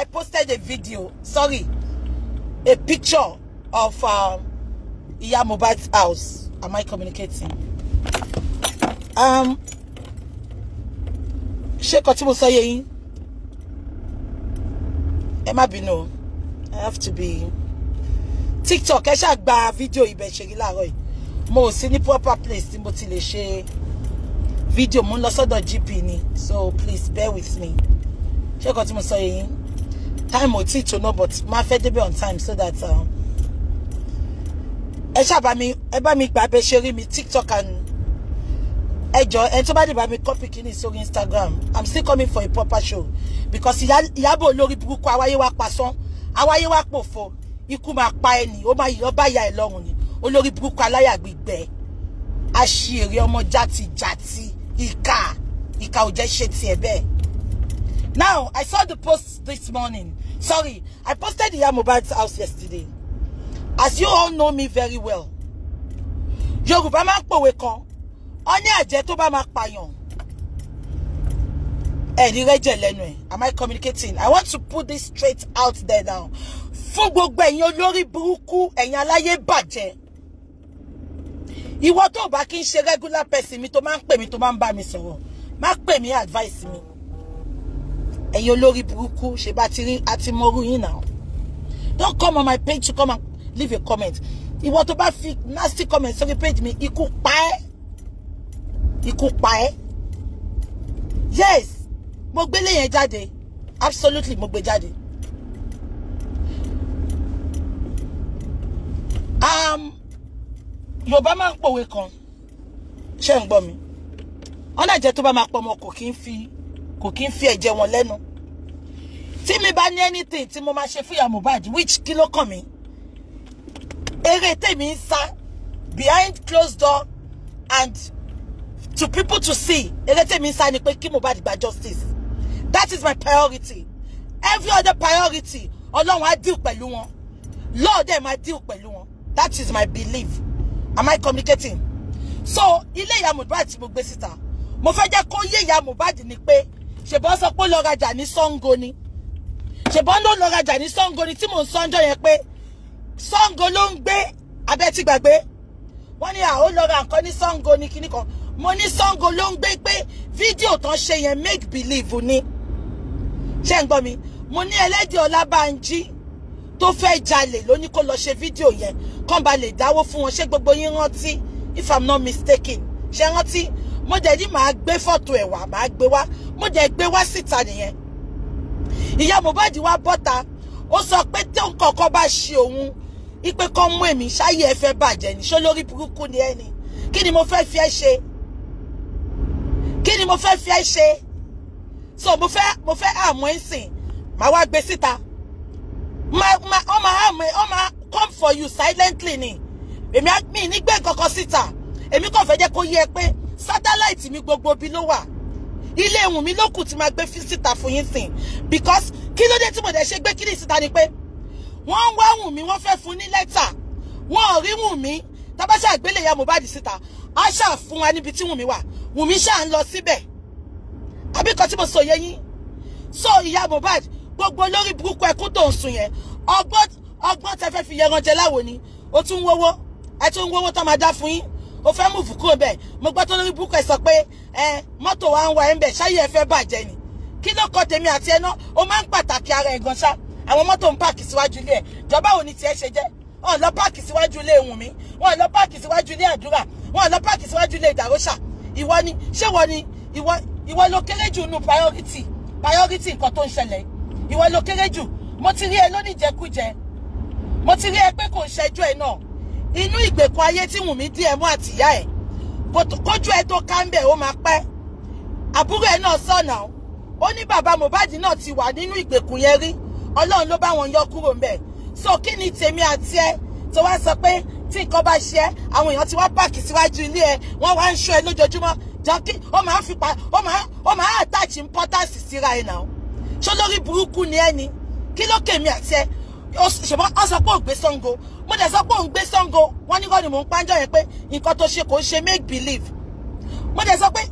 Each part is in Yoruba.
I posted a video, sorry, a picture of um, Iya Mohbad's house. Am I communicating? Um, ṣé kò tí mo sọ yé yín? I have to be TikTok I ṣáà gba a video. ṣe rí láàárọ̀ yìí. Mo ò sí ní proper place tí mo ti lè GP ni so please bear with me. Ṣé kò tí time ò tí tó náà but my fẹ́ be on time so that um, ẹ ṣàbá mi ẹ bá mi gbà bẹ ṣe mi tiktok and ẹ jọ ẹ tó bá dé bá mi copy kíní sórí instagram i'm still coming for a proper show because ìyábọ̀ olórí burúkú awáyé wa pasán awáyé wa pòfo ikú máa pa ẹni ó máa yọ ya ẹ lọ́rùn ni olórí burúkú aláyà gbígbẹ aṣèrè jati játijàti Ika ìkà ò jẹ́ ṣe tiẹ̀ bẹ́ẹ̀ now i saw the post this morning Sorry, I posted the Mohbad's house yesterday. As you all know me very well. Yorùbá máa ń We kan. Ó ní àjẹ́ tó bá máa pààyàn. Ẹ ní rẹ́jẹ̀ lẹ́nu ẹ̀. Am I communicating? I want to put this straight out there now. Fún gbogbo ẹ̀yin olórí burúkú, ẹ̀yin aláyé bàjẹ́. Ìwọ tó bá kí ń ṣe regular person mi to máa ń pè to tó máa ń bá mi sọ̀rọ̀. Má pè mí advice mi ẹ̀yin olórí burúkú ṣe bá ti rí àti mọ́rú yín náà don't come on my page to come and leave a comment ìwọ tó bá fi nasty comment sórí page mi ikú pa ẹ́ ikú pa ẹ́ yes mo gbélé yẹn jáde absolutely mo gbé jáde um, yorùbá máa ń pòwe kan ṣé ń gbọ́ mi ọ̀nà ìjẹ́ tó bá máa pọ̀ ọmọ kò kí ń fi kò kí ń fi ẹ̀jẹ̀ wọn lẹ́nu tí mi bá ní anything tí mo máa ṣe fún ìyá Mohbad which kí ló kàn mí eré tèmi ń sá behind closed door and to people to see eré tèmi ń sá ni pé kí Mohbad gba justice that is my priority every other priority ọlọ́run á deal pẹ̀lú wọn lord ẹ̀ máa deal pẹ̀lú wọn that is my belief am i communicating so ilé ìyá Mohbad tí mo gbé síta mo fẹ́ jẹ́ kó yé ìyá Mohbad ni pé ṣèbọ́n sọ pé lọ rajà ní Sango ni ṣèbọ́n ló lọ rajà ní Sango ni tí mò ń sọ́njọ́ yẹn pé Sango ló ń gbé abẹ́tí gbàgbé wọ́n ní àwọn lọ ra nǹkan ní Sango ní kíní kan mo ní Sango ló ń gbé pé fídíò tán ṣe yẹn make believe ni ṣé ń gbọ́ mi mo ní ẹlẹ́dìí Ọlábànjí tó fẹ́ jalè ló ní kó lọ ṣe fídíò yẹn kán ba lè dáwó fún wọn ṣé gbogbo yín rántí if i'm not mistaken ṣé rántí mo dẹ̀ ní màá gbé fọ́tò ẹ̀ wá màá gbé wá mo jẹ́ gbé wá síta nìyẹn ìyá Mohbad wá bọ́ta ó sọ pé tí òun kọ̀ọ̀kan bá ṣe òun ipe kan mú èmi ṣáyé ẹ fẹ́ bàjẹ́ ní ṣó lórí burúkú ni ẹni kí ni mo fẹ́ fi ẹ́ ṣe kí ni mo fẹ́ fi ẹ́ ṣe so mo fẹ́ mo fẹ́ àmọ́ ẹ̀ sìn màá wá gbé síta wọ́n máa àmọ́ ẹ̀ wọ́n máa come for you silently ni èmi mi nígbẹ́ kankan síta èmi kàn fẹ́ jẹ́ kó yé ẹ pé sátáláìtì mi gbogbo bí ló wà ilé ìwùn mi lókù tí máa gbé fi fún yín sìn because kí ló dé tí mo dẹ̀ ṣe gbé kíní síta ni pé wọ́n ń wá wùn mí wọ́n fẹ́ fún ní lẹ́tà wọ́n ò rí wùn mí tábàṣà àgbélé ìyá Mohbad síta á ṣà fún wa níbi tí wùn mí wà wùn mí ṣà ń lọ síbẹ̀ àbí tí mo sọ yé yín so ìyá Mohbad gbogbo lórí burúkú ẹkún tó ń sùn yẹn ọgbọ́n ọgbọ́n tẹ fẹ́ fi yẹran jẹ láwo ni ó tún ń ẹ tún ń tó máa dá fún yín o fẹ́ mú fùkúrò bẹ́ẹ̀ mo gbọ́ tó lórí búkú ẹ̀ sọ pé ẹ mọ́tò wa ń wa ẹ̀ ń bẹ̀ ṣáyé ẹ fẹ́ bàjẹ́ ni kí ló kọ tèmi àti ẹná o máa ń pàtàkì ara ẹ̀ gan ṣá àwọn mọ́tò ń páàkì síwájú ilé ẹ̀ jọba ò ní tiẹ̀ ṣe jẹ́ wọn lọ páàkì síwájú ilé ìwùn wọn lọ páàkì síwájú ilé àdúrà wọn lọ páàkì síwájú ilé ìdàróṣà ìwọ ni ṣé wọ ni ìwọ ìwọ ló kéré jù nù priority priority nǹkan tó ń ṣẹlẹ̀ ìwọ ló kéré jù mo ti rí ẹ lónìjẹkújẹ mo ti rí ẹ pé kò ń ṣẹjú ẹ náà inú ìgbèkùn ayé tí Wùnmí díẹ̀ mú àtìyá ẹ̀ kójú ẹ tó ká ń bẹ̀ ó máa pẹ́ àbúrò ẹ náà sọ̀nà ó ní bàbá Mohbad náà ti wà nínú ìgbèkùn yẹn rí Ọlọ́run ló bá wọn yọ kúrò ń bẹ̀ so kí ni tèmi àti ẹ tó wá sọ pé tí nǹkan bá ṣe ẹ àwọn èèyàn ti wá páàkì síwájú ilé ẹ wọ́n wá ń ṣọ́ ẹ lójoojúmọ́ jọkí ó máa ń fipá ó máa ó máa attach importance síra ẹ náà ṣó lórí burúkú ni ẹni kí ló kèmí àti ẹ ṣùgbọ́n ó sọ pé ògbé mo dẹ̀ sọ pé òun gbé Ṣàngó wọ́n ní kọ́ ni mò ń pàjọ́ yẹn pé nǹkan tó ṣe kò ń ṣe make believe mo dẹ̀ sọ pé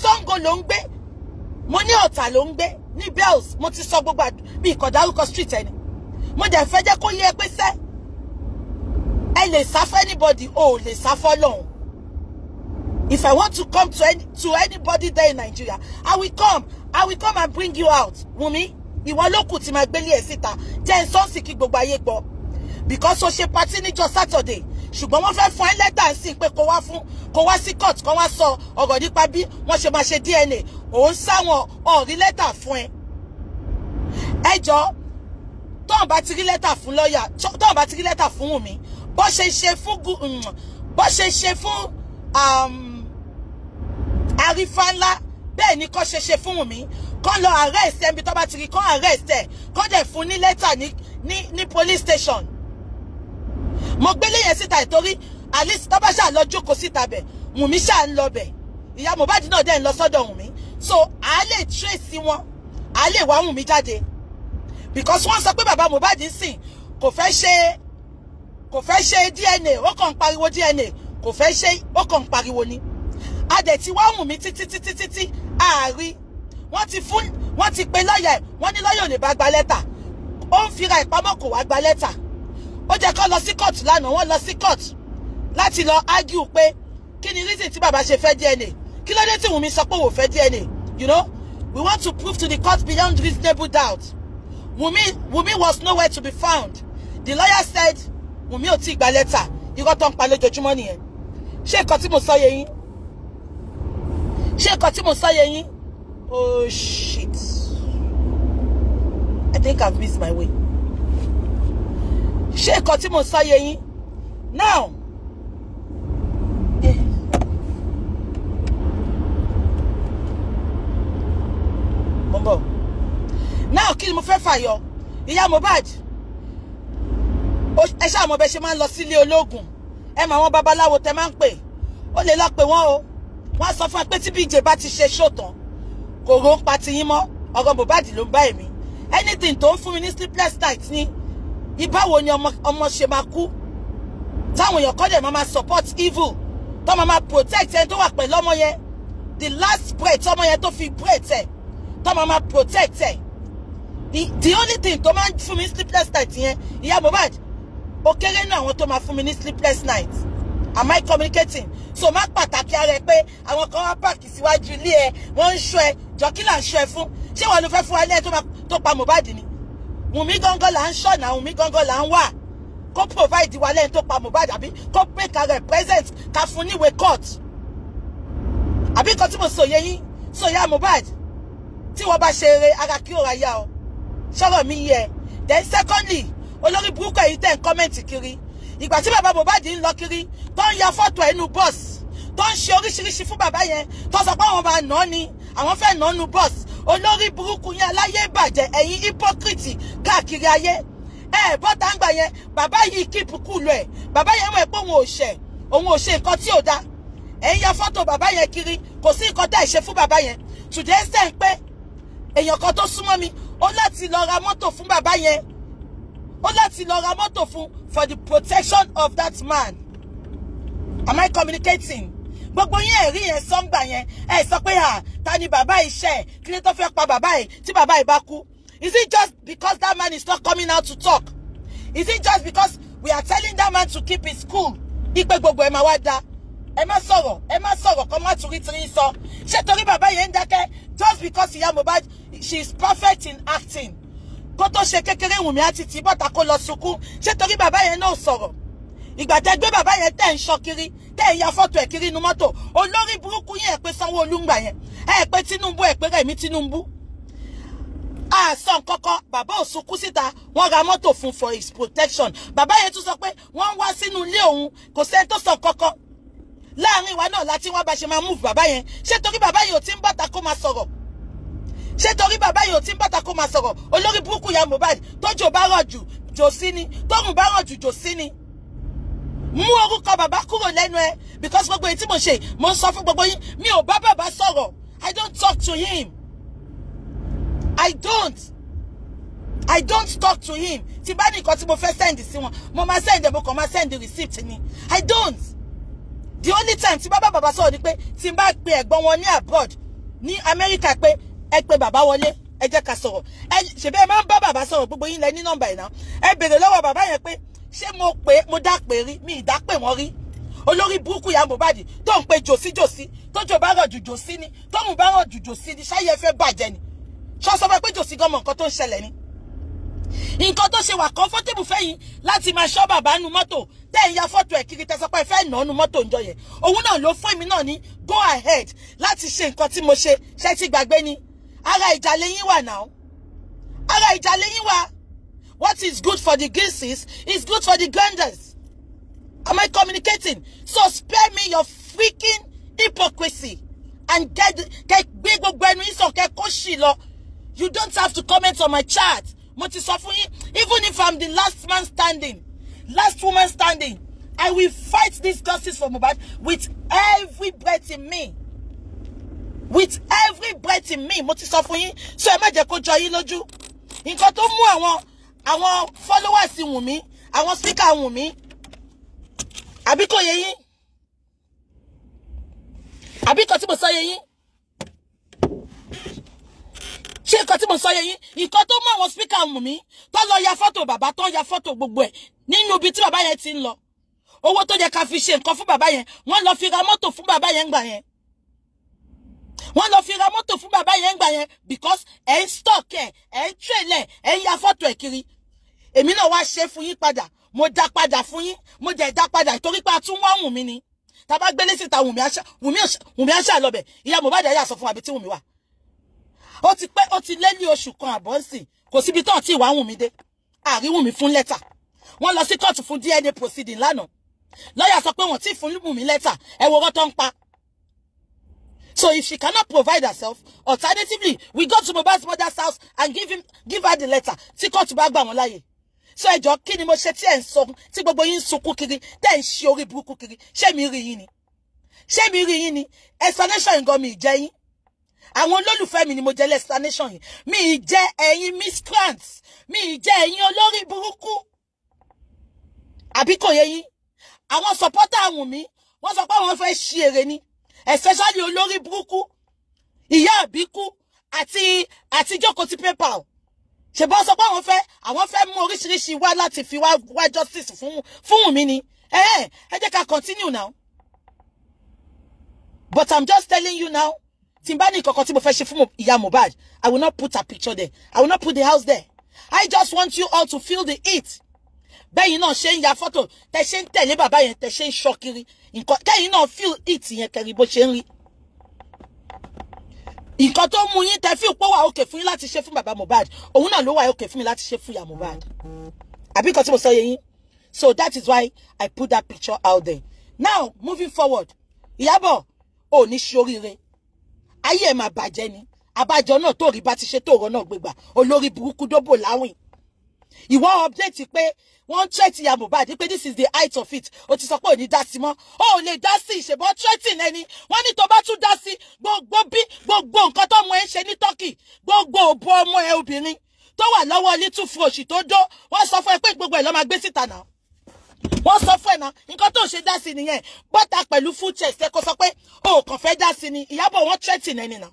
Ṣàngó ló ń gbé mo ní Ọ̀tà ló ń gbé ní bells mo ti sọ gbogbo bí ìkọ̀ dárúkọ street ẹni mo dẹ̀ fẹ́ jẹ́ kó yé pé sẹ́ ẹ lè sá fún anybody o ò lè sá fọ́lọ́hún if I want to come to any to anybody there in Nigeria I will come I will come and bring you out Wunmi ìwọ ló kù tí máa gbélé ẹ̀ síta jẹ́ nsọ́ọ̀sì kí gbogbo ayé gbọ́ because o ṣe party níjọ́ Saturday ṣùgbọ́n wọ́n fẹ́ fún ẹ lẹ́tà sí pé kó wá fún kó wá sí court kó wá sọ ọ̀rọ̀ nípa bí wọ́n ṣe máa ṣe DNA òun sáwọn ọ̀rí lẹ́tà fún ẹ. ẹ jọ tóun bá ti rí lẹ́tà fún lọ́ọ̀yà tóun bá ti rí lẹ́tà fún Wùmí bó ṣe ṣe fún mm, bó ṣe ṣe fún um, àrífà ńlá bẹ́ẹ̀ ni kó ṣe ṣe fún Wùmí kán lọ arrest ẹnbi tó bá ti rí kán arrest ẹ kán dẹ̀ fún ní lẹ́tà ní ní police station mo gbélé yẹn síta ìtorí alice tọ́ba ṣáà lọ jókòó síta bẹ̀ wùnmí ṣáà ń lọ bẹ̀ ìyá mohbad náà dẹ̀ ń lọ sọ́dọ̀ wùnmí so a lè trace wọn a lè wá wùnmí jáde because wọ́n sọ pé bàbá mohbad ń sìn kò fẹ́ ṣe kò fẹ́ ṣe dna ó kàn ń pariwo dna kò fẹ́ ṣe ó kàn ń pariwo ni a dẹ̀ ti wá wùnmí títí títí títí àárí wọ́n ti fún wọ́n ti pe lọ́ọ̀yà ẹ̀ wọ́n ní lọ́ọ̀yà ò lè bá gba lẹ́tà ó ń fira ìpamọ́ kò wá gba lẹ́tà ó jẹ́ kó lọ sí court lánàá wọ́n lọ sí court láti lọ argue pé kí ni reason tí bàbá ṣe fẹ́ DNA kí ló dé tí Wùnmí sọ pé òun fẹ́ DNA you know we want to prove to the court beyond reasonable doubt Wùnmí Wùnmí was nowhere to be found the lawyer said Wùnmí ò tí ì gba lẹ́tà irọ́ tó ń pa lójoojúmọ́ nìyẹn ṣé nǹkan tí mo sọ yé yín ṣé nǹkan tí mo sọ yé yín oh shit I think I've missed my way ṣé nǹkan tí mo sáyé yín now mo now kí ni mo fẹ́ fàyọ ìyá Mohbad ẹ ṣáà mọ̀ bẹ ṣe máa ń lọ sílé ológun ẹ mọ̀ àwọn babaláwo tẹ máa ń pè ó lè lọ pè wọ́n o wọ́n sọ fún ẹ pé tí bíjè bá ti ṣe ṣòtàn kò rò ń pa tiyín mọ́ ọ̀rọ̀ Mohbad ló ń bá èmi anything tó ń fún mi ní sleepless night ni ìbáwo ni ọmọ ṣe máa kú táwọn èèyàn kọ́ dẹ̀ máa máa support evil tó máa máa protect ẹni tó wà pẹ̀lú ọmọ yẹn the last breath ọmọ yẹn tó fi breath ẹ̀ tó máa máa protect ẹ̀ the only thing tó máa ń fún mi sleepless night yẹn ìyá Mohbad ó kéré ní àwọn tó máa fún mi ní sleepless night am I communicating so má pàtàkì ara ẹ pé àwọn kan wá pààkì síwájú ilé ẹ wọ́n ń ṣọ́ ẹ jọ kí là ń ṣọ́ ẹ fún ṣé wọn ló fẹ́ fún wa ilé ẹ tó pa Mohbad ni wùmí gangan là ń ṣọ̀nà wùmí gangan là ń wà kó provide wa lẹ́yìn tó pa Mohbad àbí kó pé ká represent ká fún níwèé court àbí nǹkan tí mo sòye yín sòye Mohbad tí wọ́n bá ṣe eré ara kí òra yá o ṣọ́rọ̀ mi yẹ then secondly olórí burúkú èyí tẹ̀ ń kọ́mẹ̀ntì kiri ìgbà tí bàbá Mohbad ń lọ kiri tó ń ya fọ́tò ẹnu bọ́ọ̀sì tó ń ṣe oríṣiríṣi fún bàbá yẹn tó sọ pé àwọn máa nà án ni àwọn fẹ́ nà án nu bọ́ọ̀sì olórí burúkú yẹn aláyé ìbàjẹ́ ẹ̀yin hypocrite káàkiri ayé ẹ bọ́tà ń gbà yẹn bàbá yìí kíìpù kùlù ẹ̀ bàbá yẹn mọ̀ pé òun ò ṣẹ̀ òun ò ṣe nǹkan tí ò da ẹ̀ ń ya fọ́tò bàbá yẹn kiri kò sí nǹkan tá ì ṣe fún bàbá yẹn tùdẹ́ ń pé èèyàn kan tó súnmọ́ mi ó láti lọ ra mọ́tò fún bàbá yẹn ó láti lọ ra mọ́tò fún for the protection of that man am I communicating gbogbo yín ẹ̀rí yẹn sọ́ngbà yẹn ẹ sọ pé à ta ni bàbá iṣẹ́ ẹ̀ kí ló tó fẹ́ pa bàbá ẹ̀ tí bàbá ẹ̀ bá kú is it just because that man is not coming out to talk is it just because we are telling that man to keep his cool ipe gbogbo ẹ̀ máa wá da ẹ má sọ̀rọ̀ ẹ má sọ̀rọ̀ kọ́ má turi tiri sọ ṣé torí bàbá yẹn ń dákẹ́ just because ìyá Mohbad she is perfect in acting kó tó ṣe kékeré wùmí àti tìbọ̀tà kó lọ sunkún ṣé torí bàbá yẹn náà sọ̀rọ̀ ìgbà tẹ́ gbé bàbá yẹn tẹ́ ń sọ kiri tẹ́ ń ya fọ́tò ẹ̀ kiri inú mọ́tò olórí burúkú yẹn ẹ̀ pé Sanwó-Olú ń gbà yẹn ẹ̀ pé Tinubu ẹ̀ pé Rẹ̀mí Tinubu àsán kọ́kọ́ bàbá ò sunkún síta wọ́n ra mọ́tò fún for his protection bàbá yẹn tún sọ pé wọ́n wá sínú ilé òun kò sẹ́ni tó sàn kọ́kọ́ láàrin ìwà náà láti wọ́n bá ṣe máa move bàbá yẹn ṣé torí bàbá yẹn ò ti ń bọ́ta kó máa sọ̀rọ̀ ṣé torí bàbá yẹn ò ti ń bọ́ta kó máa sọ̀rọ̀ olórí burúkú ya Mohbad tó jò bá rọ̀ jù jò sí ni tóun bá rọ̀ jù jò sí ni mú orúkọ bàbá kúrò lẹ́nu ẹ because gbogbo èyí tí mo ṣe mo ń sọ fún gbogbo yín mi ò bá bàbá sọ̀rọ̀ I don't talk to him I don't I don't talk to him tí bá ní tí mo fẹ́ send sí wọn mo máa send mo kàn máa send receipt ni I don't the only time tí bàbá bàbá sọ̀rọ̀ ni pé tí n bá pe ẹ̀gbọ́n wọn ní abroad ní Amẹ́ríkà pé ẹ pe bàbá wọlé ẹ jẹ́ ká sọ̀rọ̀ ẹ ṣèbí ẹ máa ń bá bàbá sọ̀rọ̀ gbogbo yín lẹ ní nọ́mbà yìí náà ẹ bèrè lọ́wọ́ bàbá yẹn pé ṣé mo pè mo dápè rí mi ìdápè wọn rí olórí burúkú ya Mohbad tó ń pe jòsí jòsí tójò bá rọ̀ jù jòsí ni tóun bá rọ̀ jù jòsí ni ṣáyé fẹ́ bàjẹ́ ni ṣọ́sọ́ fẹ́ pé jòsí gan mọ̀ nǹkan tó ń ṣẹlẹ̀ ni nǹkan tó ṣe wà kọ́ńfọ́tébù fẹ́yìn láti máa ṣọ́ bàbá nu mọ́tò tẹ́ ẹ̀ ń ya fọ́tò ẹ̀ kiri tẹ́sán pé ẹ fẹ́ nà ọ́ nu mọ́tò ń jọ òun náà ló fún èmi náà ní go ahead láti ṣe nǹkan tí mo ṣe ṣe ti gbàgbé ni ara ìjà lẹ́yìn wà náà ara ìjà lẹ́yìn wà What is good for the geese is good for the granders. Am I communicating? So spare me your freaking hypocrisy and get get big lọ. You don't have to comment on my chat. Mo even if I'm the last man standing, last woman standing, I will fight this justice for Mohbad with every breath in me. With every breath in me, mo So ẹ má jẹ́ kó jọ yín lójú. Nǹkan àwọn followers Wùnmí àwọn speaker Wùnmí àbí kò yé yín àbí nǹkan tí mo sọ yé yín ṣé nǹkan tí mo sọ yé yín nǹkan tó mú àwọn speaker Wùnmí tó lọ ya fọ́tò bàbá tó ya fọ́tò gbogbo ẹ̀ nínú ibi tí bàbá yẹn ti ń lọ owó tó yẹ ká fi ṣe nǹkan fún bàbá yẹn wọ́n lọ fi ra mọ́tò fún bàbá yẹn gbà yẹn wọ́n lọ fi ra mọ́tò fún bàbá yẹn gbà yẹn because ẹ ń stock ẹ ń trailer ẹ ń ya fọ́tò ẹ kiri èmi náà wá ṣe fún yín padà mo dá padà fún yín mo jẹ́ dá padà torí pé a tún wá wùn mí ni tàbá gbélé síta wùn mí àṣà lọ́bẹ̀ ìyá Mohbad ayé àsọ fún àbí tí wùn mí wà ó ti pẹ́ ó ti lé ní oṣù kan àbọ̀ ń sìn kò síbi tán tí ìwà wùn mí dé àrí wùn mí fún lẹ́tà wọ́n lọ sí kóòtù fún DNA proceeding lánàá lọ́yà sọ pé wọ́n ti fún wùn mí lẹ́tà ẹ wo rọ́tọ́ ń pa So if she cannot provide herself, alternatively, we go to Mohbad's mother's house and give him give her the letter. Tí kóòtù bá gbà wọ́n láyè so ẹjọ́ kí ni mo ṣe tí ẹ̀ ń sọ tí gbogbo yín ń sunkún kiri tẹ́ ẹ̀ ń ṣe orí burúkú kiri ṣé mi rí yín ni ṣé mi rí yín ni explanation nǹkan mi jẹ́ yín àwọn olólùfẹ́ mi ni mo jẹ́ explanation yìí mi jẹ́ ẹ̀yin miscreants mi jẹ́ ẹ̀yin olórí burúkú àbí kò yẹ yín àwọn supporter àwọn mi wọ́n sọ pé àwọn fẹ́ ṣe èrè ni especially olórí burúkú ìyá àbíkú àti àti jókòó ti PayPal ṣèbọn sọ pé àwọn fẹ́ àwọn fẹ́ mú oríṣiríṣi wá láti fi wá wá justice fún fún mi ni ẹ ẹ ẹ jẹ́ ká continue now but i'm just telling you now tí n bá ní ìkọ̀kọ̀ tí mo fẹ́ ṣe fún ìyá Mohbad i will not put her picture there i will not put the house there i just want you all to feel the heat bẹ́yìn náà ṣe ń ya fọ́tò tẹ ṣe ń tẹ̀lé bàbá yẹn tẹ ṣe ń ṣọ́ kiri nǹkan kẹ́yìn náà feel heat yẹn kẹrin bó ṣe ń rí nǹkan tó mú yín tẹ́fí pọ́ wà òkè fún yín láti ṣe fún bàbá Mohbad òun náà ló wà òkè fún mi láti ṣe fún ìyá Mohbad àbí nǹkan tí mo sọ yẹ yín so that is why I put that picture out there now moving forward Ìyábọ̀ ò ní ṣe oríire ayé ẹ̀ máa bàjẹ́ ni àbájọ náà tó rí bá ti ṣe tó rọ náà gbégbà olórí burúkú dóbò láwìn ìwọ update pé wọ́n threat ya Mohbad pé this is the height of it o ti sọ pé ò ní dá sí mọ́ o ò lè dá sí ìṣèbọn threatening ẹni wọ́n ní tó bá tún dá sí gbogbo bí gbogbo nǹkan tó mọ ẹ ń ṣe ní Turkey gbogbo òbò ọmọ ẹ obìnrin tó wà lọ́wọ́ little frosh tó dó wọ́n sọ fún ẹ pé gbogbo ẹ̀ ló máa gbé síta náà wọ́n sọ fún ẹ̀ náà nǹkan tó ń ṣe dá sí nìyẹn bọ́tà pẹ̀lú full chest ẹ kó sọ pé o kàn fẹ́ dá sí ni Ìyábọ̀ wọ́n threatening ẹni náà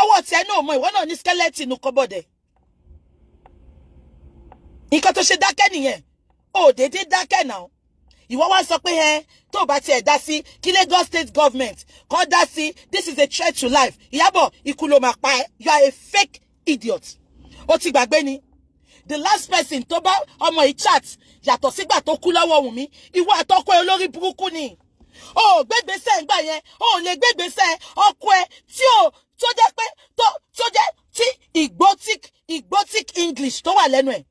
ọwọ́ tiẹ̀ náà mọ ìwọ náà ní skeleton kọ́bọ̀dẹ̀ nǹkan tó ṣe dákẹ́ nìyẹn ò déédéé dákẹ́ náà ìwọ wá sọ pé ẹ tó bá tiẹ̀ dá sí kí Lagos state government kọ́ dá sí this is a threat to life Ìyábọ̀ ikú ló máa pa ẹ́ you are a fake idiot ó ti gbàgbé ni the last person tó bá ọmọ yìí chat yàtọ̀ sígbà tó kú lọ́wọ́ Wùnmí ìwọ àtọ́kọ ẹ olórí burúkú ni o gbégbèsè ńgbà yẹn o lè gbégbèsè ọkọ ẹ tí o tó jẹ́ pé tó tó jẹ́ tí igbotic igbotic English tó wà lẹ́nu ẹ̀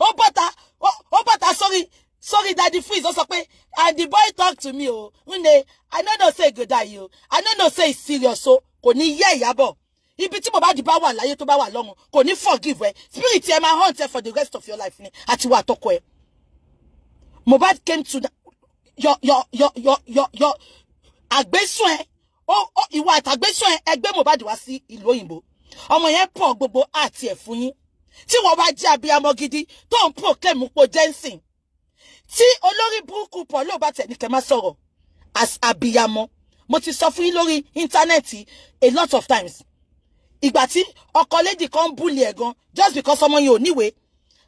Oh, ó bọ́ta ó bọ́ta sorry sórí Daddy Freeze ó sọ pé and the boy talk to me o oh, nne i no know say good go die o i no know say e serious so. Oh. kò ní yẹ Ìyábọ̀ ibi tí Mohbad bá wà láyé tó bá wà lọ́run kò ní forgive ẹ spirit ẹ máa haunt ẹ for the rest of your life ni àti wà tọkọ ẹ Mohbad came to your your your your your your àgbésùn ẹ ìwà àtàgbésùn ẹ ẹgbẹ́ Mohbad wá sí ìlú òyìnbó ọmọ yẹn pọ̀ gbogbo àti ẹ̀ fún yín tí wọ́n bá jẹ́ abiyamọ gidi tó ń proclaim po jensen tí olórí burúkú pọ̀ ló bá tẹ̀lé kẹ́ máa as abiyamọ mo ti sọ fún yín lórí íńtánẹ́ẹ̀tì a lot of times ìgbà tí ọkọ lédì kan ń búlì ẹ̀ gan just because ọmọ yẹn ò níwèé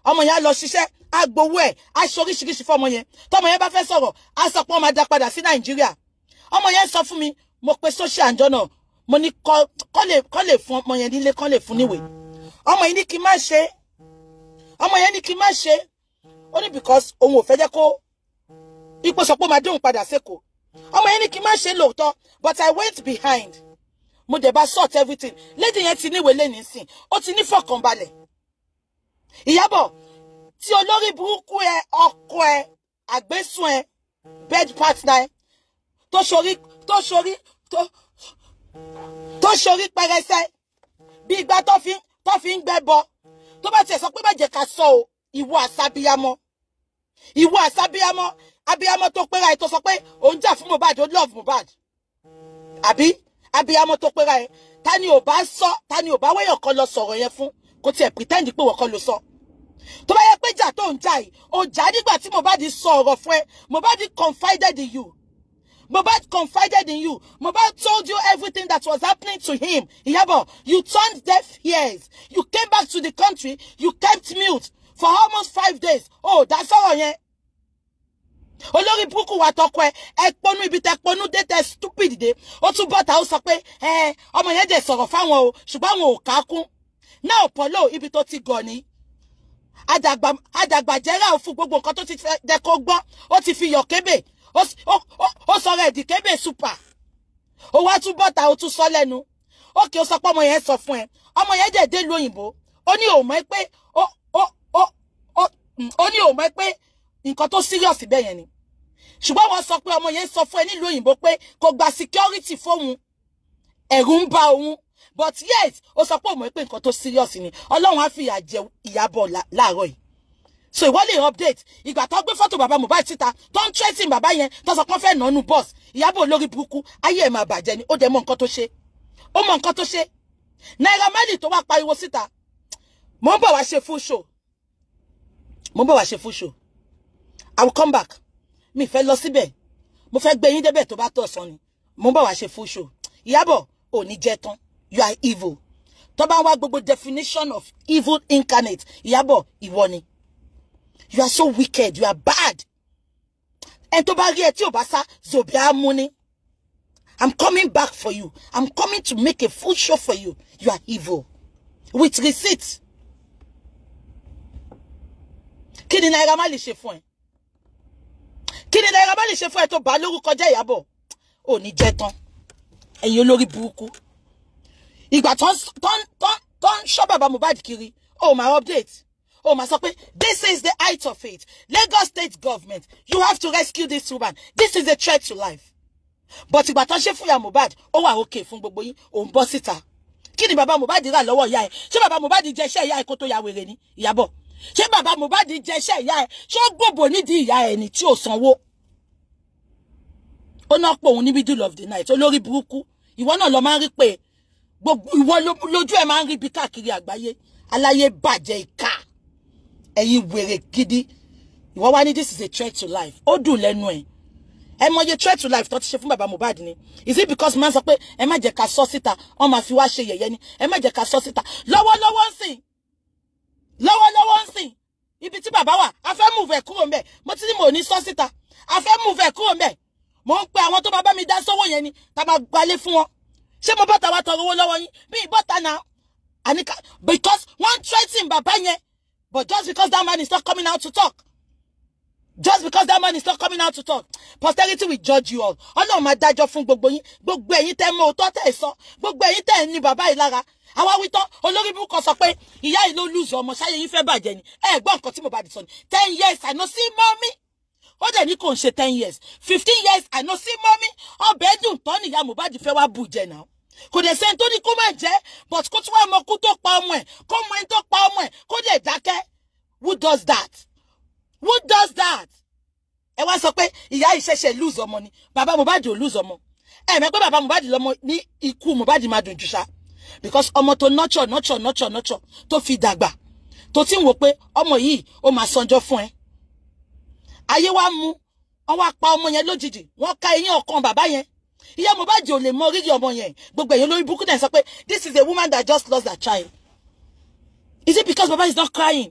ọmọ yẹn á lọ ṣiṣẹ́ á gbowó ẹ̀ á ṣe oríṣiríṣi fún ọmọ yẹn tọmọ yẹn bá fẹ́ sọ̀rọ̀ á sọ pé wọ́n máa dá padà sí nàìjíríà ọmọ yẹn sọ fún mi mo pe social àjọ náà mo ní kọ́ lè fún ọmọ yẹn nílé kọ́ lè fún níwèé ọmọ yìí ní kí n ṣe ọmọ yẹn ní kí n ṣe ó ní because òun ò fẹ́ jẹ́ kó ipò sọ pé ó dé òun padà sẹ́kọ̀ọ́ ọmọ yẹn ní kí n ṣe lóòótọ́ but I went behind mo dẹ̀ bá sort everything lady yẹn ti níwèé lẹ́nìí sìn ó ti ní fọkànbalẹ̀ ìyábọ̀ tí olórí burúkú ẹ ọkọ ẹ àgbésùn ẹ bed partner ẹ tó ṣorí tó ṣorí tó ṣorí pẹrẹsẹ bí ìgbà tó fi tó fi ń gbẹ́bọ tó bá tiẹ̀ sọ pé bàjẹ́ ká sọ o ìwọ àsábíyamọ ìwọ àsábíyamọ abíyamọ tó pera ẹ tó sọ pé òun jà fún Mohbad ó love Mohbad àbí abíyamọ tó pera ẹ ta ni ò bá sọ ta ni ò bá wẹ̀yàn kan lọ sọ̀rọ̀ yẹn fún kò tiẹ̀ pretend pé wọ́n kan ló sọ tó bá yẹ pé jà tó ń jà yìí ó jà nígbà tí Mohbad sọ ọ̀rọ̀ fún ẹ Mohbad confided in you Mobad confided in you. Mobad told you everything that was happening to him. Iyabo, you turned deaf ears. You came back to the country. You kept mute for almost five days. Oh, that's all, yeah. olórí burúkú wa tọkọ ẹ ẹ pọnú ibi tẹ pọnú dé tẹ stupid dé ó tún bọ́ta ó sọ pé ẹ ọmọ yẹn jẹ sọ̀rọ̀ fáwọn o ṣùgbọ́n àwọn ò ká kún náà pọ̀lọ́ ibi tó ti gọ̀ ni àdàgbàjẹ́rà fún gbogbo nǹkan tó ti fẹ́ jẹ́ kó ó ti fi yọ̀ kébè ó sọ̀rọ̀ ẹ̀dì kébè super ó wá tún bọ́ta ó tún sọ lẹ́nu ó kì í sọ pé ọmọ yẹn sọ fún ẹ ọmọ yẹn dẹ̀ dé lu òyìnbó ó ní òun mọ̀ pé ó ní òun mọ̀ pé nǹkan tó serious bẹ́ẹ̀ yẹn ni ṣùgbọ́n wọ́n sọ pé ọmọ yẹn sọ fún ẹ nílùú òyìnbó pé kò gba security fóun ẹ̀rù ń ba òun but yet ó sọ pé òun mọ̀ pé nǹkan tó serious ni ọlọ́run á fi ìyà jẹ ìyàbọ̀ láàárọ̀ yìí so ìwọ lè update ìgbà tó gbé fọ́tò bàbá Mohbad síta tó ń tracing bàbá yẹn tó sọ pé wọ́n fẹ́ nàánú bus Ìyábọ̀ olórí burúkú ayé ẹ̀ máa bàjẹ́ ni ó dẹ̀ mọ nǹkan tó ṣe ó mọ nǹkan tó ṣe Naira Marley tó wá pariwo síta mo ń bọ̀ wá ṣe full show mo ń bọ̀ wá ṣe full show I will come back mi fẹ́ lọ síbẹ̀ mo fẹ́ gbé yín débẹ̀ tó bá tọ̀ sọ ni mo ń bọ̀ wá ṣe full show Ìyábọ̀ ò ní jẹ́ tán you are evil tó bá wá gbogbo definition of evil incarnate Ìyábọ̀ ìwọ ni you are so wicked you are bad ẹni tó bá rí ẹ tí ò i'm coming back for you i'm coming to make a full show for you you are evil with receipt kí ni Naira Marley ṣe fún ẹ kí ni Naira Marley ṣe fún ẹ tó bá lórúkọ jẹ́ Ìyábọ̀ ò ní jẹ́ tán ẹ̀yin olórí burúkú ìgbà tó ń ṣọ́ bàbá Mohbad kiri Oh, my update Oh my son, this is the height of it Lagos state government you have to rescue this woman this is a threat to life but ìgbà tán ṣe fúyà Mohbad ó wà òkè fún gbogbo yín òun bọ́ síta kí ni bàbá Mohbad rà lọ́wọ́ ìyá ẹ̀ ṣé bàbá Mohbad yai iṣẹ́ ìyá ẹ̀ kó tó ya wèrè ni Ìyábọ̀ ṣé bàbá Mohbad jẹ iṣẹ́ ìyá ẹ̀ ṣé ó gbòbò nídìí ìyá ẹ̀ ni tí ò sanwó ó náà pò òun ní middle of the night olórí burúkú ìwọ náà lọ máa ń rí pé gbogbo ìwọ lójú ẹ̀ máa ń rí bí káàkiri àgbáyé aláyé bàjẹ́ ìka ẹ̀yin wèrè gidi ìwọ wá ní this is a threat to life ó dùn lẹ́nu ẹ̀ ẹ mọye threat to life tó ti ṣe fún bàbá Mohbad ni is it because man sọ pé ẹ má jẹ́ ká sọ síta wọ́n máa fi wá ṣe yẹ̀yẹ́ ni ẹ má jẹ́ ká sọ síta lọ́wọ́lọ́wọ́ ń sìn lọ́wọ́lọ́wọ́ ń sìn ibi tí bàbá wà a fẹ́ move ẹ̀ kúrò ńbẹ̀ mo ti ní mo ní sọ síta a fẹ́ move ẹ̀ kúrò ńbẹ̀ mo pe àwọn tó bá mi dá sọ́wọ́ yẹn ni tá a máa gbalé fún wọn mo bọ́ta wa tọrọ owó lọ́wọ́ yín mi ì bọ́ta náà because wọ́n ń threaten bàbá yẹn But just because that man is not coming out to talk, just because that man is not coming out to talk posterity will judge you all ọlọ́run máa dájọ́ fún gbogbo yín gbogbo ẹ̀yin tẹ́ mọ òótọ́ tẹ́ sọ gbogbo ẹ̀yin tẹ́ ní bàbá yìí lára àwa wítọ́ olórí burúkú sọ pé ìyá yìí ló lùzọ ọmọ ṣáyé yín fẹ́ bàjẹ́ ni ẹ gbọ́ nǹkan tí mo bá di sọ ni ten years àná sí mọ́mí ó dẹ̀ ní kò ń ṣe ten years fifteen years I àná sí mọ́mí ọbẹ̀ dùn tán nìyá Mohbad fẹ́ wá bùjẹ́ náà kò dẹ̀ sẹ́ni tó ní kó má jẹ́ but kó tún wá mọ tó pa ọmọ ẹ̀ kó mọ ẹni tó pa ọmọ ẹ̀ kó dẹ̀ dákẹ́ who does that who does that ẹ wá sọ pé ìyá ìṣẹ̀ṣẹ̀ lose ọmọ ni bàbá Mohbad ò lose ọmọ ẹ mẹ́ pé bàbá Mohbad lọ́mọ ní ikú Mohbad máa dùn jù ṣá because ọmọ tó nurture nurture nurture nurture tó fi dàgbà tó ti ń wò pé ọmọ yìí ó máa sanjọ́ fún ẹ ayé wa mú wọn wá ọmọ yẹn lójijì wọn ká eyín ọkàn bàbá yẹn ìyá Mohbad ò lè mọ rírì ọmọ yẹn gbogbo èèyàn lórí burúkú náà sọ pé this is a woman that just lost her child is it because baba is not crying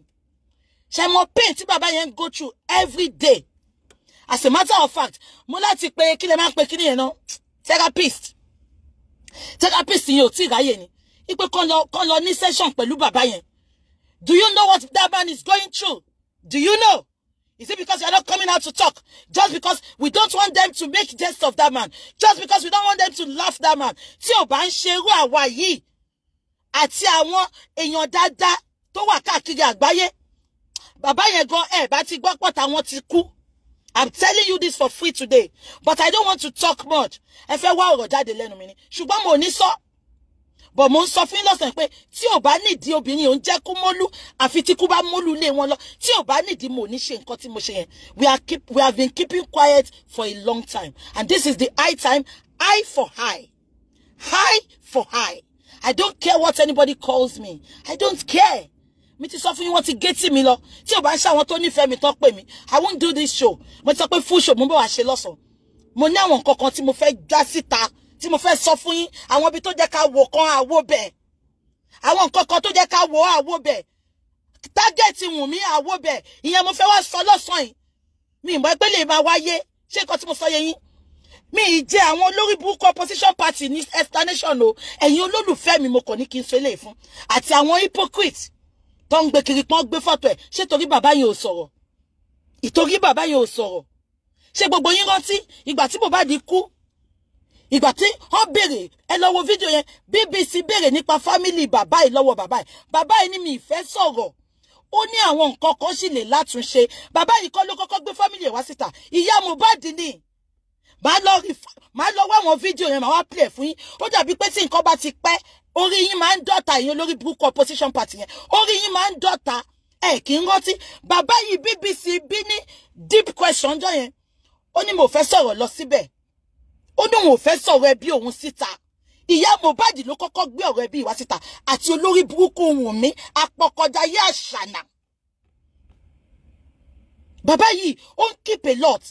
ṣe mọ pain tí baba yẹn go through every day as a matter of fact mo láti pe kí lè máa pe kí nìyẹn náà therapist therapist yẹn ò tí ì ráyè ni ipe kan lọ kan lọ ní session pẹ̀lú baba yẹn do you know what that man is going through do you know Is it because you're not coming out to talk? Just because we don't want them to make jest of that man. Just because we don't want them to laugh that man. Tí ò bá ń ṣe irú àwa yìí àti àwọn èèyàn dáadáa tó wà káàkiri àgbáyé. Bàbá yẹn gan ti gbọ́ pọ̀ táwọn ti kú. I'm telling you this for free today. But I don't want to talk much. Ẹ fẹ́ wá ọ̀rọ̀ jáde lẹ́nu mi ni. Ṣùgbọ́n mo ní So bọ̀ mo ń sọ fún lọ́sàn pé tí ò bá nídìí obìnrin ò ń jẹ́ kú mólú àfi tí kú bá mólú ilé wọn lọ tí ò bá nídìí mo ní ṣe nǹkan tí mo ṣe yẹn we are keep we have been keeping quiet for a long time and this is the high time high for high high for high I don't care what anybody calls me I don't care mi ti sọ fún yín wọ́n ti gé tì mí lọ tí ò bá ń ṣàwọn tó nífẹ̀ẹ́ mi tán pè mí I won't do this show mo ti sọ pé full show mo bá wà ṣe lọ́sàn-án mo ní àwọn nǹkan kan tí mo fẹ́ já síta tí mo fẹ́ sọ fún yín àwọn ibi tó jẹ́ ká wò kan àwo bẹ̀ àwọn nǹkan kan tó jẹ́ ká wò àwo bẹ̀ tágẹ́ẹ̀tì Wùnmí àwo bẹ̀ ìyẹn mo fẹ́ wá sọ lọ́sàn-án yìí mi ìmọ̀ ẹgbẹ́ lè máa wáyé ṣé nǹkan tí mo sọ yẹ yín mi ì jẹ àwọn olórí burúkú opposition party ní explanation o ẹ̀yin olólùfẹ́ mi mo kàn ní kí n sọ eléyìí fún àti àwọn hypocrite tó ń gbé kiri pọ́n gbé fọ́tò ẹ̀ ṣé torí bàbá yẹn ò sọ̀rọ̀ ìtorí bàbá yẹn ò sọ̀rọ̀ ṣé gbogbo yín rántí ìgbà tí Mohbad kú ìgbà tí wọ́n béèrè ẹ lọ wo fídíò yẹn BBC béèrè nípa fámìlì bàbá yìí lọ́wọ́ bàbá yìí bàbá yìí ni mi ìfẹ́ sọ̀rọ̀ ó ní àwọn nǹkan kan sì lè látúnṣe bàbá yìí kọ́ ló kọ́kọ́ gbé fámìlì ẹ̀ wá síta ìyá Mohbad ni màá lọ wá àwọn fídíò yẹn màá wá play fún yín ó dàbí pé tí nǹkan bá ti pẹ́ orí yín máa ń dọ̀tà ìyẹn lórí book opposition party yẹn orí yín máa ń dọ̀tà ẹ̀ kì í rántí bàbá yìí BBC bí ní deep question jọ yẹn ó ní mo fẹ́ sọ̀rọ̀ lọ síbẹ̀ ó ní òun ò fẹ́ sọ̀rọ̀ ẹbí òun síta ìyá Mohbad ló kọ́kọ́ gbé ọ̀rọ̀ ẹbí wa síta àti olórí burúkú Wùnmí apọkọjáyé àṣànà bàbá yìí ó ń keep a lot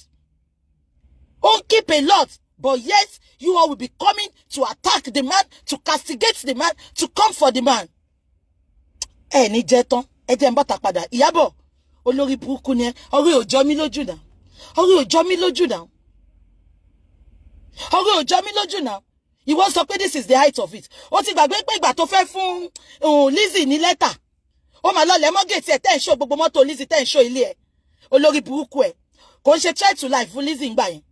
ó ń keep a lot but yet you all will be coming to attack the man to castigate the man to come for the man. ẹ ní jẹ tán ẹ jẹ́ ń bọ́ta padà ìyábọ̀ olórí burúkú ni ẹ ọ̀rẹ́ ò jọ mí lójú náà ọ̀rẹ́ ò jọ mí lójú náà ọ̀rọ̀ ò jọ mí lójú náà ìwọ sọ pé this is the height of it ó ti gbàgbé pé ìgbà tó fẹ́ fún Lizzy ní lẹ́tà ó máa lọlẹ̀ mọ́gẹ̀tì ẹ̀ tẹ́ ń ṣó gbogbo mọ́tò Lizzy tẹ́ ń ṣó ilé ẹ̀ olórí burúkú ẹ̀ kò ń ṣe try to life fún Lizzy ńgbà yẹn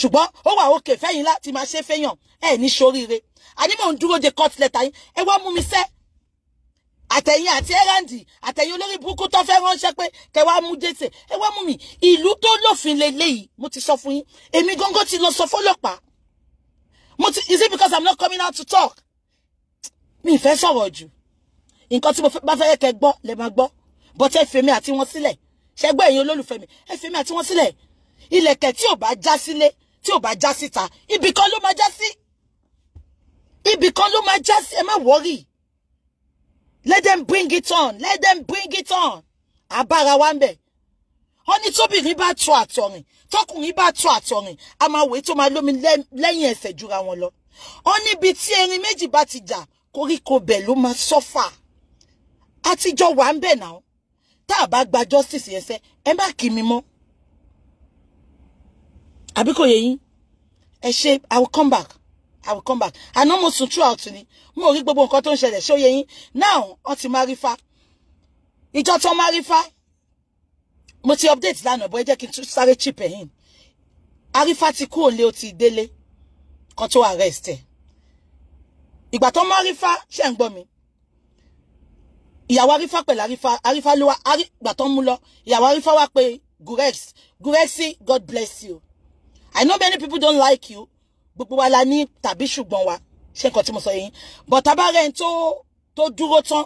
ṣùgbọ́n ó wà òkè fẹ́yìn láti máa ṣe fẹ́yàn ẹ̀ ní ṣoríire àní mò ń dúró de court letter yín ẹ wá mú mi sẹ́ àtẹ̀yìn àti ẹ́rẹ́ǹdì àtẹ̀yìn olórí burúkú tó fẹ́ ránṣẹ́ pé kẹwàá mú jẹ́sẹ̀ ẹ wá mú mi ìlú tó lófin leléyìí mo ti sọ fún yín èmi gángan ti lọ sọ fọlọ́pàá mo ti is it because i'm not coming out to talk mi ì fẹ́ sọ̀rọ̀ jù nǹkan tí mo bá fẹ́ kẹ gbọ́ lẹ máa gbọ́ bọ́tẹ́ ẹ fèmí àti wọn sílẹ̀ ṣẹgbẹ́ ẹ̀yin olólùfẹ́ mi ẹ àti wọn sílẹ̀ ilẹ̀kẹ̀ tí ò bá já sílé tí ò bá já síta ibì ló máa já sí ibì ló máa já sí ẹ má wọ́rì let them bring it on let them bring it on abára wa ń bẹ̀ wọ́n riba tóbìnrin bá tọ riba tọkùnrin bá tọ àtọ̀rìn a máa wèé tó máa lómi lẹ́yìn ẹsẹ̀ jura wọn lọ wọ́n níbi tí erin méjì bá ti jà koríko bẹ̀ ló máa sọ́fà àtijọ́ wà ń bẹ̀ náà tá a gba justice yẹn sẹ́ ẹ má kì mí mọ́ àbí kò yẹ yín i will come back. I will come back. I know most sùn throughout ni. Mo rí gbogbo nǹkan tó ń ṣẹlẹ̀ ṣó yé yín. Now, ó ti máa rí fa. Marifa. Mo ti update lánàá bó ẹ jẹ́ kí n tún chip ẹ̀ yín. Arifa ti kúrò lé o ti délé. Kan tó arrest ẹ̀. Ìgbà tó máa rí fa ṣe ń gbọ́ mi. Ìyàwó Arifa pẹ̀lú Arifa. Arifa ló wá. Ìgbà tó mú lọ. Ìyàwó Arifa wá pé Gurex. Gurexi, God bless you. I know many people don't like you gbogbo wa la ní tàbí ṣùgbọ́n wa ṣé nǹkan tí mo sọ yẹn but tabarẹ́ tó tó dúró tán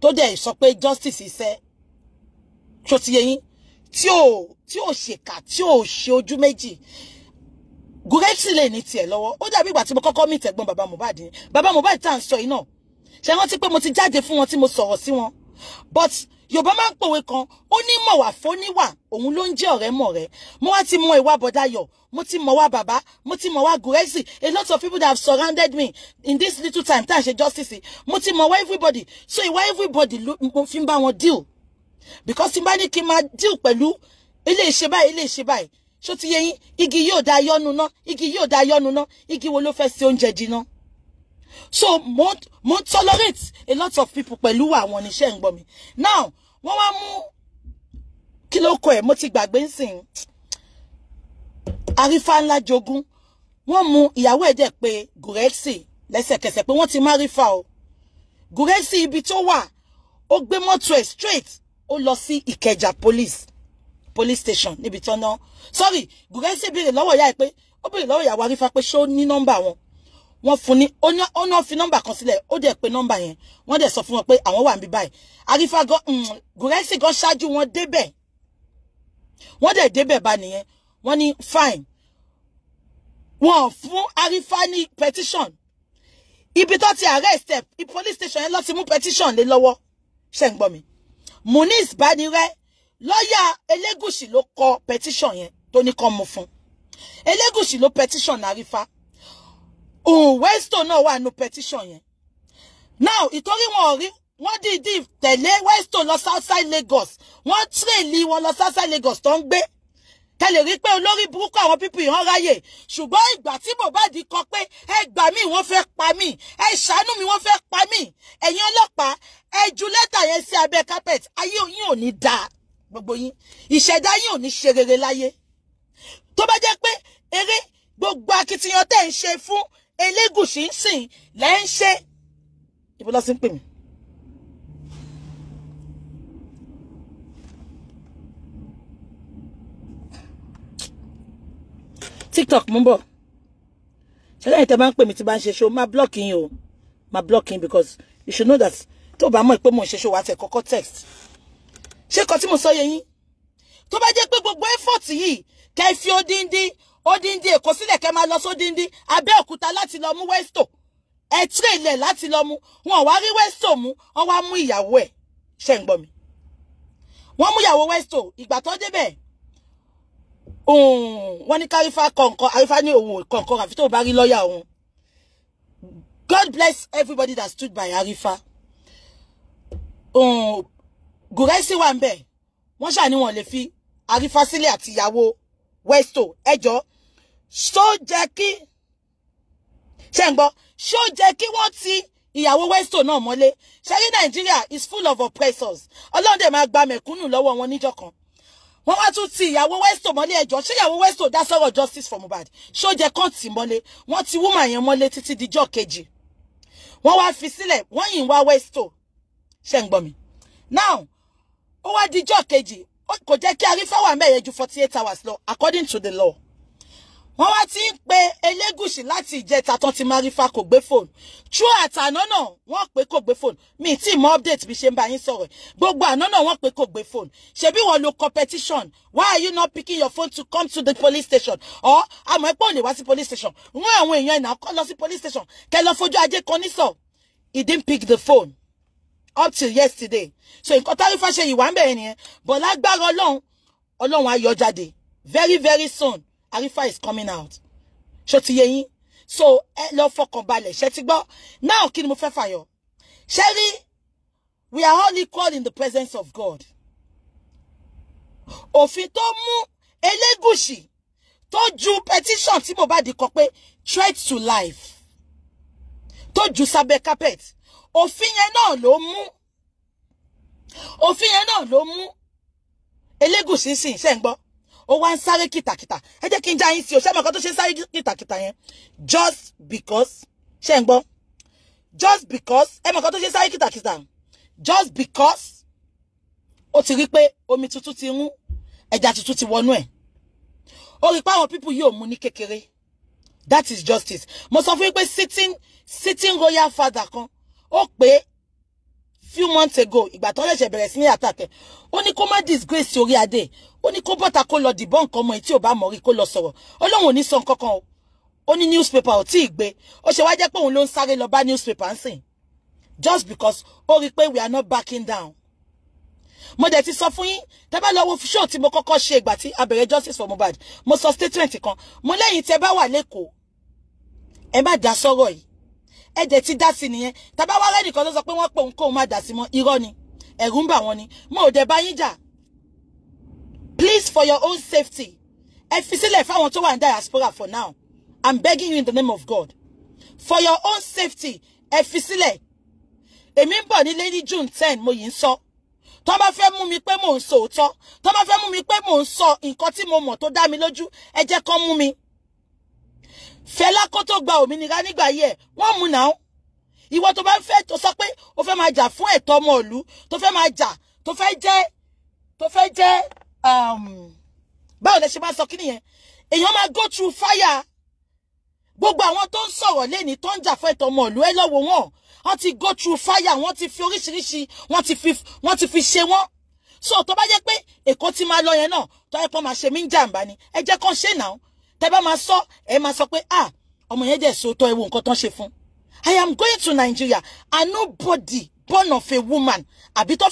tó dẹ̀ sọ pé justice iṣẹ́ tó ti yẹ yín tí ò tí ò ṣèkà tí ò ṣe ojú méjì gúrẹ́tì lè ní tiẹ̀ lọ́wọ́ ó dàbí ìgbà tí mo kọ́kọ́ mí tẹ̀gbọ́n bàbá Mohbad yẹn bàbá Mohbad tá à ń sọ yìí náà ṣe rántí pé mo ti jáde fún wọn tí mo sọ̀rọ̀ sí wọn but yorùbá máa ń pòwe kan ó ní mọ̀wà fóníwà òun ló ń jẹ́ ọ̀rẹ́ mọ̀rẹ́ mo wá ti mọ ìwà bọ̀dá yọ̀ mo ti mọ̀ wá bàbá mo ti mọ̀ wá gùrẹ́sì a lot of people that have surrounded me in this little time tá à ṣe justice mo ti mọ̀ wá everybody so ìwà everybody mo fi ń bá wọn deal because tí n bá ní kí n máa deal pẹ̀lú ilé ìṣe báyìí ilé ìṣe báyìí ṣó ti yẹ yín igi yóò da yọ́nu ná igi yóò da yọ́nu ná igi wo ló fẹ́ ṣe oúnjẹ jiná so mo mo tolerate a lot of people pẹ̀lú àwọn oníṣẹ́ ń gbọ́ mi now wọ́n wá mú kí ló kọ ẹ̀ mo ti gbàgbé ń sìn arífá ńlá jogún wọ́n mú ìyàwó ẹ̀ dẹ̀ pé gùrẹ́sì lẹ́sẹ̀kẹsẹ̀ pé wọ́n ti má rífà o gùrẹ́sì ibi tó wà ó gbé mọ́tò ẹ̀ straight ó lọ sí ìkẹjà police police station níbi tán náà sorry gùrẹ́sì béèrè lọ́wọ́ ìyá ẹ̀ pé ó béèrè lọ́wọ́ ìyàwó arífá pé ṣé ó ní nọ́mbà wọn wọ́n fún ní ó náà fi nọ́mbà kan sílẹ̀ ó dẹ̀ pé nọ́mbà yẹn wọ́n dẹ̀ sọ fún wọn pé àwọn wà níbí báyìí àrífà gan mm, gùrẹ́sì gan ṣáájú wọn débẹ̀ wọ́n dẹ̀ débẹ̀ bá nìyẹn wọ́n ní fine wọ́n fún àrífà ní petition ibi tó ti arrest ẹ̀ police station yẹn ló ti mú petition lé lọ́wọ́ ṣe ń gbọ́ mi Munis Banire lọ́ọ̀yà Elégùṣì ló kọ petition yẹn tó ní kọ́ mu fún Elégùṣì ló petition àrífà Oh, Westo náà wà nù petition yẹn now ìtorí wọn rí wọ́n dìídì tẹ̀lé Westo lọ Southside Lagos wọ́n tírèlì wọn lọ Southside Lagos tó ń gbé tẹlẹ rí pé olórí burúkú àwọn pípì yìí hàn ráyè ṣùgbọ́n ìgbà tí Mohbad kọ pé ẹ gbà mí wọ́n fẹ́ pa mí ẹ ṣàánú mi wọ́n fẹ́ pa mí ẹ̀yin ọlọ́pàá ẹ ju lẹ́tà yẹn sí abẹ́ carpet ayé yín ò ní dáa gbogbo yín ìṣẹ̀dá yín ò ní ṣe rere láyé tó bá jẹ́ pé eré gbogbo akitiyan tẹ̀ ń ṣe fún Elégùṣì ń sìn lẹ́ ń ṣe ibo lọ́sí ń pè mí. tiktok mú bọ̀ ṣẹlẹ̀ yìí tẹ́ bá ń pè mí tí bá ń ṣe ṣó máa block yín o máa block yín because you should know that tó bá mọ̀ pé mò ń ṣe ṣó wàá tẹ̀ kọ́kọ́ text ṣé kan tí mo sọ yẹ yín tó bá jẹ́ pé gbogbo effort yìí kẹ́ fi ó díndín odindi èkó sílẹ̀ kẹ́ máa lọ sódindi abẹ́òkúta láti lọ mú westo ẹ tírè ilẹ̀ láti lọ mú wọn wá rí westo mú wọn wá mú ìyàwó ẹ̀ ṣe ń gbọ́ mi wọ́n mú ìyàwó westo ìgbà tó débẹ̀ um, wọ́n ní kárífà kọ̀ọ̀kan àrífà ní òun kọ̀ọ̀kan àfi tó bá rí lọ́ọ̀yà òun God bless everybody that stood by àrífà um, gùrẹ́sì wà ń bẹ̀ wọ́n ṣàníwọ̀n lè fi àrífà sílẹ̀ àti ìyàwó westo ẹjọ́ ṣó jẹ́ kí ṣe ń gbọ́ ṣó jẹ́ kí wọ́n ti ìyàwó westo náà mọ́lé ṣẹ́rí nàìjíríà is full of oppressors ọlọ́run dẹ̀ máa gba mẹ̀kúnnù lọ́wọ́ wọn níjọ́ kan wọ́n wá tún ti ìyàwó westo mọ́lé ẹjọ́ ṣé ìyàwó westo dá sọ̀rọ̀ justice for Mohbad ṣó jẹ́ kán tì mọ́lé wọ́n ti wúmà yẹn mọ́lé títí dijọ́ kejì wọ́n wá fi sílẹ̀ wọ́n yìn wá westo ṣe ń gbọ́ mi now ó wá dijọ́ kejì kò jẹ́ kí arífáwà mẹ́yẹ ju forty eight hours lọ according to the law wọ́n wá ti ń pe Elégùṣì láti ìjẹta tán ti máa rí fa kò gbé fóònù true àtàná náà wọ́n pé kò gbé fóònù mi tí mọ update bí ṣe ń bá yín sọ̀rọ̀ gbogbo àná náà wọ́n pé kò gbé fóònù ṣebí wọ́n lo competition why are you not picking your phone to come to the police station or àmọ́ ẹ̀pọ̀ lè wá sí police station wọ́n àwọn èèyàn ẹ̀nà kọ́ lọ sí police station kẹ́ lọ fojú ajé kan ní sọ he didn't pick the phone up till yesterday so nǹkan tálífà ṣe ìwà ń bẹ̀rẹ̀ nìyẹn bọ̀ lágbára ọlọ́run ọlọ́run á yọ jáde very very soon Arifa is coming out ṣó ti yé so ẹ lọ fọkàn balẹ̀ ṣe ti gbọ́ now kí ni mo fẹ́ fàyọ Sherry, we are all equal in the presence of God òfin tó mú Elégùṣì tó ju petition tí di kọ pé threat to life tó ju sábẹ́ carpet òfin yẹn náà ló mú òfin yẹn náà ló mú Elégùṣì sì ń ṣe ń ó wá ń sáré kìtàkìtà ẹ jẹ́ kí n já yín sí o ṣẹ́mi ọ̀kan tó ṣe ń sáré kìtàkìtà yẹn just because ṣe ń gbọ́ just because ẹ mọ̀ ọ̀kan tó ṣe ń sáré kìtàkìtà just because o ti rí pé omi tuntun ti rún ẹja tuntun ti wọnú ẹ̀ ó rí pé àwọn pípù yóò mú ní kékeré that is justice mo sọ fún yín pé sitting sitting royal father kan ó pé few months ago ìgbà tó ṣẹ̀ṣẹ̀ bẹ̀rẹ̀ sí ní àtàkẹ́ ó ní kó má disgrace orí adé ó ní kó bọ́ta kó lọ dìbọn nǹkan ọmọ tí ò bá mọ̀ rí kó lọ sọ̀rọ̀ ọlọ́run ò ní sọ nǹkan kan o ó ní newspaper ò tí ì gbé ó ṣe wá jẹ́ pé òun ló ń sáré lọ bá newspaper ń sìn just because ó rí i pé we are not backing down mo dẹ̀ ti sọ fún yín tẹ́ bá lọ wo show tí mo kọ́kọ́ ṣe ìgbà tí abẹ̀rẹ̀ justice for Mohbad mo sọ statement kan mo lẹ́yìn tẹ́ bá wà lẹ́kọ̀ọ́ ẹ má dá sọ́rọ̀ yìí ẹ dẹ̀ ti dá sí nìyẹn tẹ́ wá rẹ́nìkan tó sọ pé wọ́n pòun kóun má dá sí mọ́ irọ́ ni ẹ̀rù ń bà wọ́n ni mo ò dẹ̀ bá yín jà please for your own safety ẹ fi sílẹ̀ fáwọn tó wà ní diaspora for now i'm begging you in the name of god for your own safety ẹ fi sílẹ̀ èmi ń bọ̀ june ten mo yìí ń sọ tó bá fẹ́ mú mi pé mò ń sọ òótọ́ tó bá fẹ́ mú mi pé mò ń sọ nǹkan tí mo mọ̀ tó dá mi lójú ẹ jẹ́ kán mú mi Fẹlá kó tó gba òmìnira nígbà ayé ẹ̀ wọ́n mú náà ìwọ tó bá ń fẹ́ tó sọ pé o fẹ́ máa jà fún ẹ̀tọ́ ọmọ ìlú tó fẹ́ máa jà tó fẹ́ jẹ́ tó fẹ́ jẹ́ Um, báwo lẹ ṣe máa sọ kí nìyẹn èèyàn máa go through fire gbogbo àwọn tó ń sọ̀rọ̀ lẹ́ni tó ń jà fún ẹ̀tọ́ ọmọ ẹ lọ́wọ́ wọn wọ́n ti go through fire wọ́n ti fi oríṣiríṣi wọ́n ti fi wọ́n ti ṣe wọ́n so tó bá jẹ́ pé èkó ti máa lọ yẹn náà tó yẹ pé máa ṣe mí ń jàǹbá ni ẹ jẹ́ kán ṣe náà tẹ bá máa sọ ẹ máa sọ pé ah ọmọ yẹn dẹ̀ sòótọ́ ẹ wo nǹkan tán ṣe fún I am going to Nigeria and nobody born of a woman àbí tó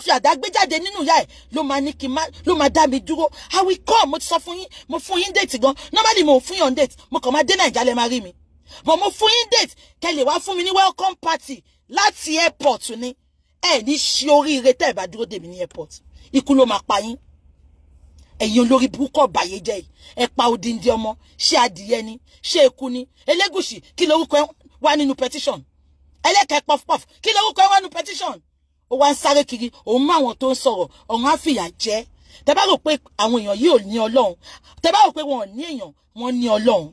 fi àdá gbé jáde nínú ìyá ẹ̀ ló máa ní kí n má ló máa dá mi dúró i will come mo ti sọ fún yín mo fún yín date gan normally mo fún yàn date mo kàn máa dé nàìjà lẹ́ẹ̀ máa rí mi but mo fún yín date kẹ́ lè wá fún mi ní welcome party láti airport ni ẹ ní ṣe oríire tẹ́ ẹ bá dúró dè ní airport ikú ló máa pa yín ẹ̀yin olórí burúkú ọ̀bàyé jẹ́ yìí ẹ pa odindi ọmọ ṣé adìyẹ ni ṣé eku ni elégùsì kí lorúkọ wà nínú petition ẹlẹ́kẹ̀ pọfupọfu kí lórúkọ wọnú petition ó wá ń sáré kiri òun mú àwọn tó ń sọ̀rọ̀ ọ̀run á fìyà jẹ tẹ bá rò pé àwọn èèyàn yìí ò ní ọlọ́run tẹ bá rò pé wọn ò ní èèyàn wọn ní ọlọ́run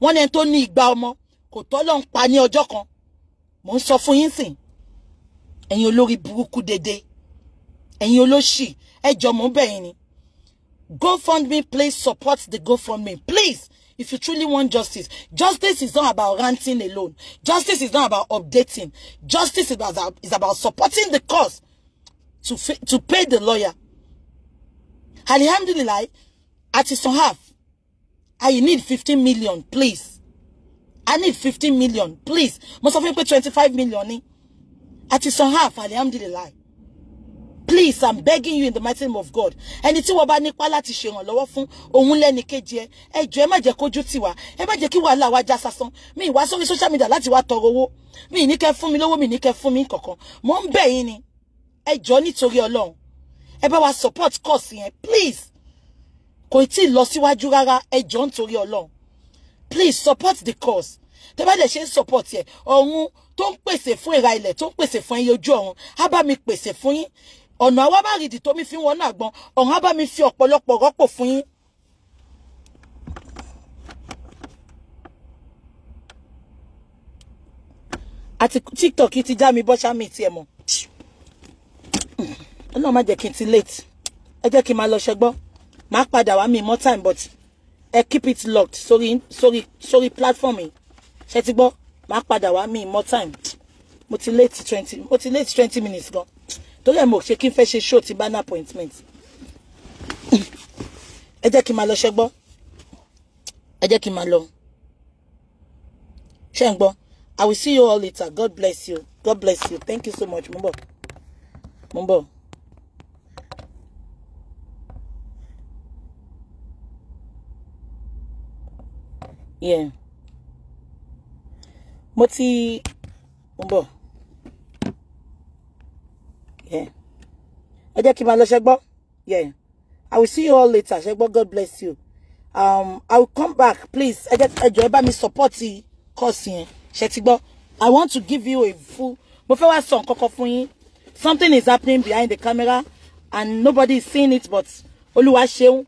wọn ní ẹni tó ní igba ọmọ kò tọ́lọ́run pa ní ọjọ́ kan mò ń sọ fún yín sìn ẹ̀yin olórí burúkú dédé ẹ̀yin olóṣì ẹjọ́ mò ń bẹ̀ ni GoFundMe please support the GoFundMe please if you truly want justice, justice is not about ranting alone. Justice is not about updating. Justice is about, is about supporting the cause to, to pay the lawyer. Alhamdulillah, at his half, I need 15 million, please. I need 15 million, please. Most of you pay 25 million. At his half, Alhamdulillah please i'm begging you in the mighty name of god ẹni tí wọ́n bá nípa láti ṣèrànlọ́wọ́ fún òun lẹ́ni kejì ẹ ẹ jọ̀ọ́ ẹ má jẹ́ kójú tiwa ẹ má jẹ́ kí wàhálà wa já sásán mi ìwá sórí social media láti wá tọrọ owó mi ní kẹ́ fún mi lówó mi ní kẹ́ fún mi kankan mò ń bẹ̀ yín ni ẹ jọ̀ọ́ nítorí ọlọ́run ẹ bá wa support course yẹn please kò tí ì lọ síwájú rárá ẹ nítorí ọlọ́run please support the course tẹ bá dẹ̀ ṣe ń support yẹ ọ̀run tó ń pèsè fún ìra ilẹ̀ tó ń pèsè fún ẹyẹ ojú ọ̀run á bá mi pèsè fún yín ọ̀nà àwa bá rìdì tó mi fi wọn náà gbọ́n ọ̀hún á bá mi fi ọ̀pọ̀lọpọ̀ rọ́pò fún yín. àti tiktok ti já mi bọ́ṣá mi tiẹ̀ mọ̀ ọlọ́run má jẹ́ kí n ti late ẹ jẹ́ kí n máa lọ ṣẹgbọ́ máa padà wá mi more time but ẹ keep it locked Sorry sorry sorry platform yìí ṣe ti gbọ́ máa padà wá mi more time mo ti late twenty mo ti late twenty minutes gan torí ẹ̀ mo ṣe kí n fẹ́ ṣe show ti banner appointment ẹ jẹ́ kí n máa lọ ṣẹ́gbọ́ ẹ jẹ́ kí n máa lọ ṣe ń gbọ́ I will see you all later God bless you God bless you thank you so much mo ń bọ̀ mo ń bọ̀. Yeah. Mo ti ń yeah ẹ jẹ́ kí n máa lọ ṣẹ́gbọ́ yeah i will see you all later ṣẹ́gbọ́ god bless you um i will come back please ẹ jẹ́ ẹ jọ̀ọ́ ẹ bá mi support course yẹn ṣe ti gbọ́ i want to give you a full mo fẹ́ wá sọ nǹkan fún yín something is happening behind the camera and nobody is seeing it but olúwa ṣeun